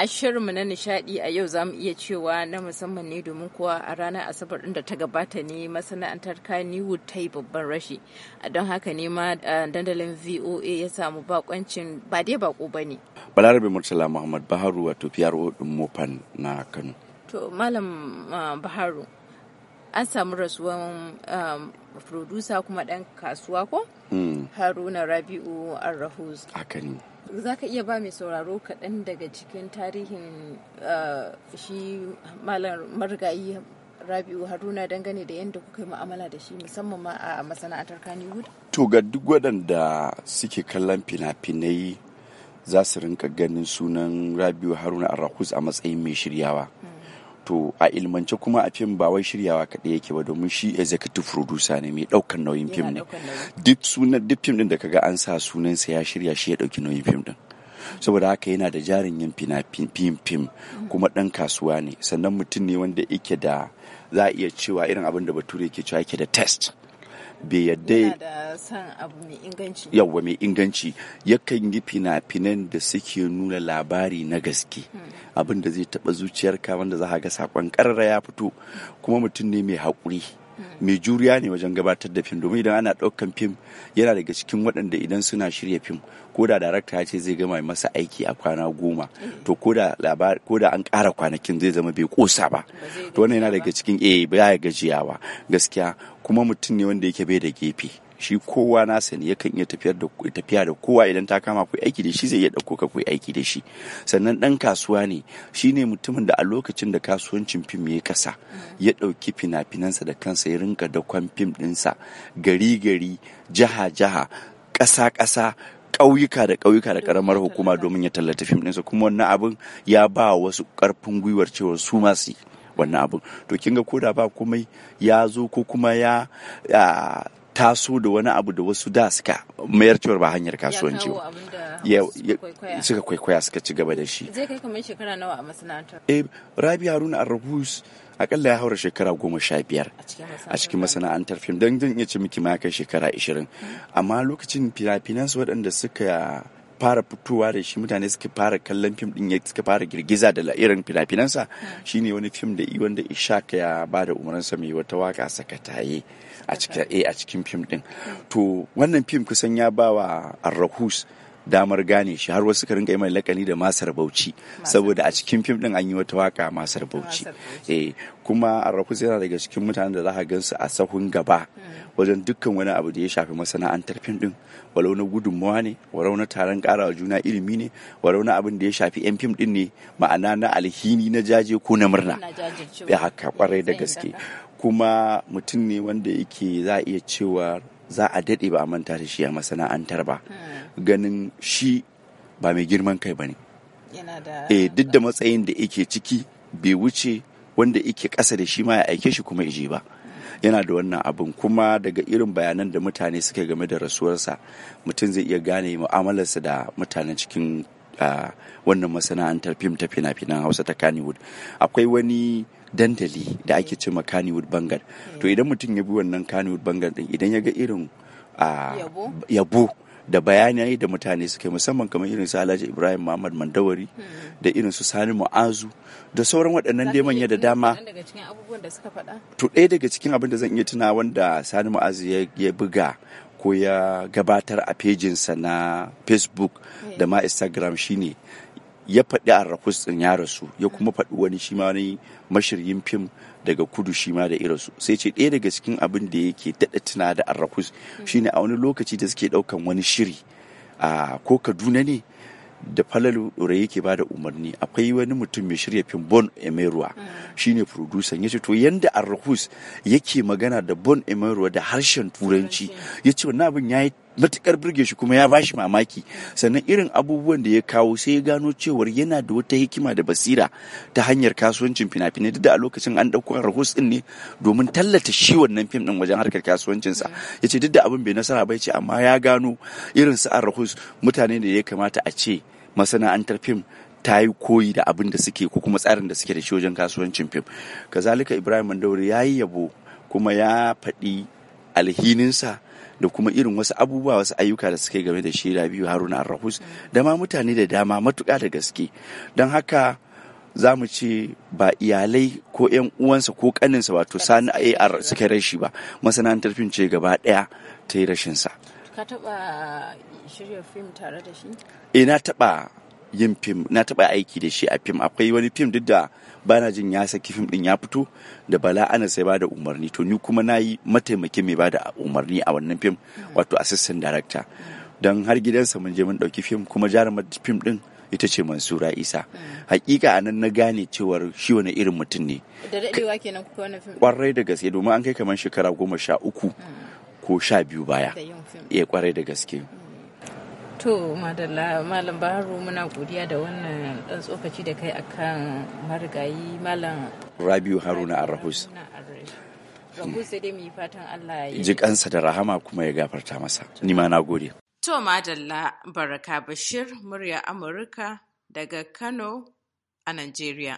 a shirinmu na nishadi a yau za mu iya cewa na musamman ne domin kuwa a ranar asabar ɗin da ta gabata ne masana'antar kaniwood ta yi babban rashi a don haka ne ma dandalin voa ya samu bakoncin ba dai bako ba ne balarabe murtala muhammad baharu wato pro din mofan na kano to malam baharu an samu rasuwan kuma dan kasuwa ko hmm. haruna rabi'u arrahus haka ne za ka iya ba mai sauraro kaɗan daga cikin tarihin eh, shi malar marigayi rabi'u haruna dangane da yadda kuka yi mu'amala da shi musamman ma a masana'antar kaniwood to ga duk waɗanda suke kallon fina-finai za su rinka ganin sunan rabi'u haruna arrakus a matsayin mai shiryawa to a ilmance kuma a fim ba wai shiryawa kaɗai yake ba domin shi executive producer ne mai ɗaukan nauyin fim ne duk sunan duk fim din da kaga an sa sunansa ya shirya shi ya ɗauki nauyin fim din saboda haka yana da jarin yin fim fim kuma ɗan kasuwa ne sannan mutum ne wanda yake da za a iya cewa irin abin da bature ke cewa yake da test bai yadda yawwa mai inganci yakan yi fina-finan da suke nuna labari na gaske hmm. abin da zai taɓa zuciyarka wanda za ga sakon karara ya fito kuma mutum ne mai haƙuri hmm. mai juriya ne wajen gabatar da fim domin idan ana ɗaukan fim yana daga cikin waɗanda idan suna shirya fim ko da darakta ya ce zai gama masa aiki a kwana goma hmm. to ko da an ƙara kwanakin zai zama bai ƙosa ba to wannan yana daga cikin eh baya gajiyawa gaskiya kuma mutum ne wanda yake bai da gefe shi kowa na sani yakan iya tafiya da kowa idan ta kama ku aiki da shi zai iya dauko ka ku aiki da shi sannan dan kasuwa ne shi ne mutumin da a lokacin da kasuwancin fim ya kasa ya dauki fina-finansa da kansa ya rinka dakon fim dinsa gari gari jaha jaha kasa ƙasa ƙauyuka da ƙauyuka da ƙaramar hukuma domin ya tallata fim ɗinsa kuma wannan abin ya ba wasu ƙarfin gwiwar cewa su masu wannan abin to kin ga koda ba komai ya zo ko kuma ya taso da wani abu da wasu da suka mayar cewar ba hanyar kasuwanci ba suka kwaikwaya suka ci gaba da shi zai kai kamar shekara nawa a masana'antar eh rabi haruna arrabus akalla ya haura shekara goma sha biyar a cikin masana'antar fim don zan iya ce miki ma kai shekara ashirin hmm. amma lokacin fina-finansu waɗanda suka fara fitowa da shi mutane suka fara kallon fim din suka fara girgiza da irin fina-finansa hmm. shine wani fim da wanda ishaq ya ba da umarninsa mai wata waka sakataye a cikin eh, a cikin fim din hmm. to wannan fim kusan ya ba wa arrahus damar gane shi har wasu rinka yi mai lakani da masar bauchi saboda a cikin fim din an yi wata waka masar bauchi eh kuma arrakus yana daga cikin mutanen da za ka gansu a sahun gaba hmm. wajen dukkan wani abu da ya shafi masana'antar fim din walau na gudunmawa ne walau na taron karawa juna ilimi ne walau na abin da ya shafi yan fim din ne ma'ana na alhini na jaje ko na murna ya haka kwarai da gaske kuma mutum ne wanda yake za a iya cewa za a daɗe ba a manta da shi a masana'antar ba ganin shi ba mai girman kai ba ne eh duk da matsayin da yake ciki bai wuce wanda yake ƙasa da shi ma ya aike shi kuma ije ba yana da wannan abin kuma daga irin bayanan da mutane suka game da rasuwarsa mutum zai iya gane mu'amalarsa da mutane cikin ah, wannan masana'antar fim ta fina-finan hausa ta kannywood akwai wani dandali da ake ce ma Kannywood bangar to idan mutum ya bi wannan Kannywood bangar din idan ya ga irin yabo da bayanai da mutane suke musamman kamar irin su Alhaji Ibrahim Muhammad Mandawari hmm. da irin su Sani Mu'azu da sauran waɗannan da manya da dama to ɗaya daga cikin abin da zan iya tuna wanda Sani Mu'azu ya buga ko ya gabatar a pejinsa na Facebook hmm. da ma Instagram shine ya faɗi arrakus ɗin ya rasu ya kuma faɗi wani shi ma wani mashiryin fim daga kudu shi ma da irasu sai ce ɗaya daga cikin abin da yake daɗa tuna da arrakus mm. shine a wani lokaci da suke ɗaukan wani shiri a ko kaduna ne da falalu ɗore yake ba da umarni akwai wani mutum mai shirya fim bon emeruwa mm. shine producer ya ce to yanda arrahus yake magana da bon emeruwa da harshen turanci ya ce wani abin ya yi matukar burge shi kuma ya bashi mamaki sannan irin abubuwan da ya kawo sai ya gano cewar yana da wata hikima da basira ta hanyar kasuwancin fina-finai duk da a lokacin an ɗauko rahus ɗin ne domin tallata shi wannan fim din wajen harkar kasuwancinsa ya ce duk da abin bai nasara ba ya ce amma ya gano irin su rahus. mutane da ya kamata a ce masana'antar fim ta yi koyi da abin da suke ko kuma tsarin da suke da shi wajen kasuwancin fim kazalika ibrahim mandauri ya yi yabo kuma ya faɗi alhininsa da kuma irin wasu abubuwa wasu ayyuka da suka game da shi Rabiu Haruna Arrahus da ma mutane da dama matuka da gaske don haka za mu ce ba iyalai ko 'yan uwansa ko kaninsa wato sani AR suka rashi ba masana'antar fim ce gaba ɗaya ta yi rashinsa. Ka taɓa shirya fim tare da shi? Eh, na taɓa yin fim na taɓa aiki da shi a fim akwai wani fim duk da bana jin ya saki fim din ya fito da bala ana sai bada umarni to ni kuma na yi mataimakin mai bada umarni a wannan fim wato assistant director don har gidansa mun je mun ɗauki fim kuma jarumar fim din ita ce mansura isa hakika a nan na gane cewar shi wani irin mutum ne da daɗewa kenan kuka wannan fim kwarai da gaske domin an kai kamar shekara goma sha uku ko sha biyu baya ya kwarai eh, da gaske mm. To madalla malam Baharu muna godiya da wannan dan tsokaci da kai akan marigayi malam Rabiu Haruna Arrahus. jikansa da rahama kuma ya gafarta masa. Ni ma na gode. To madalla Baraka Bashir murya Amurka daga Kano a Najeriya.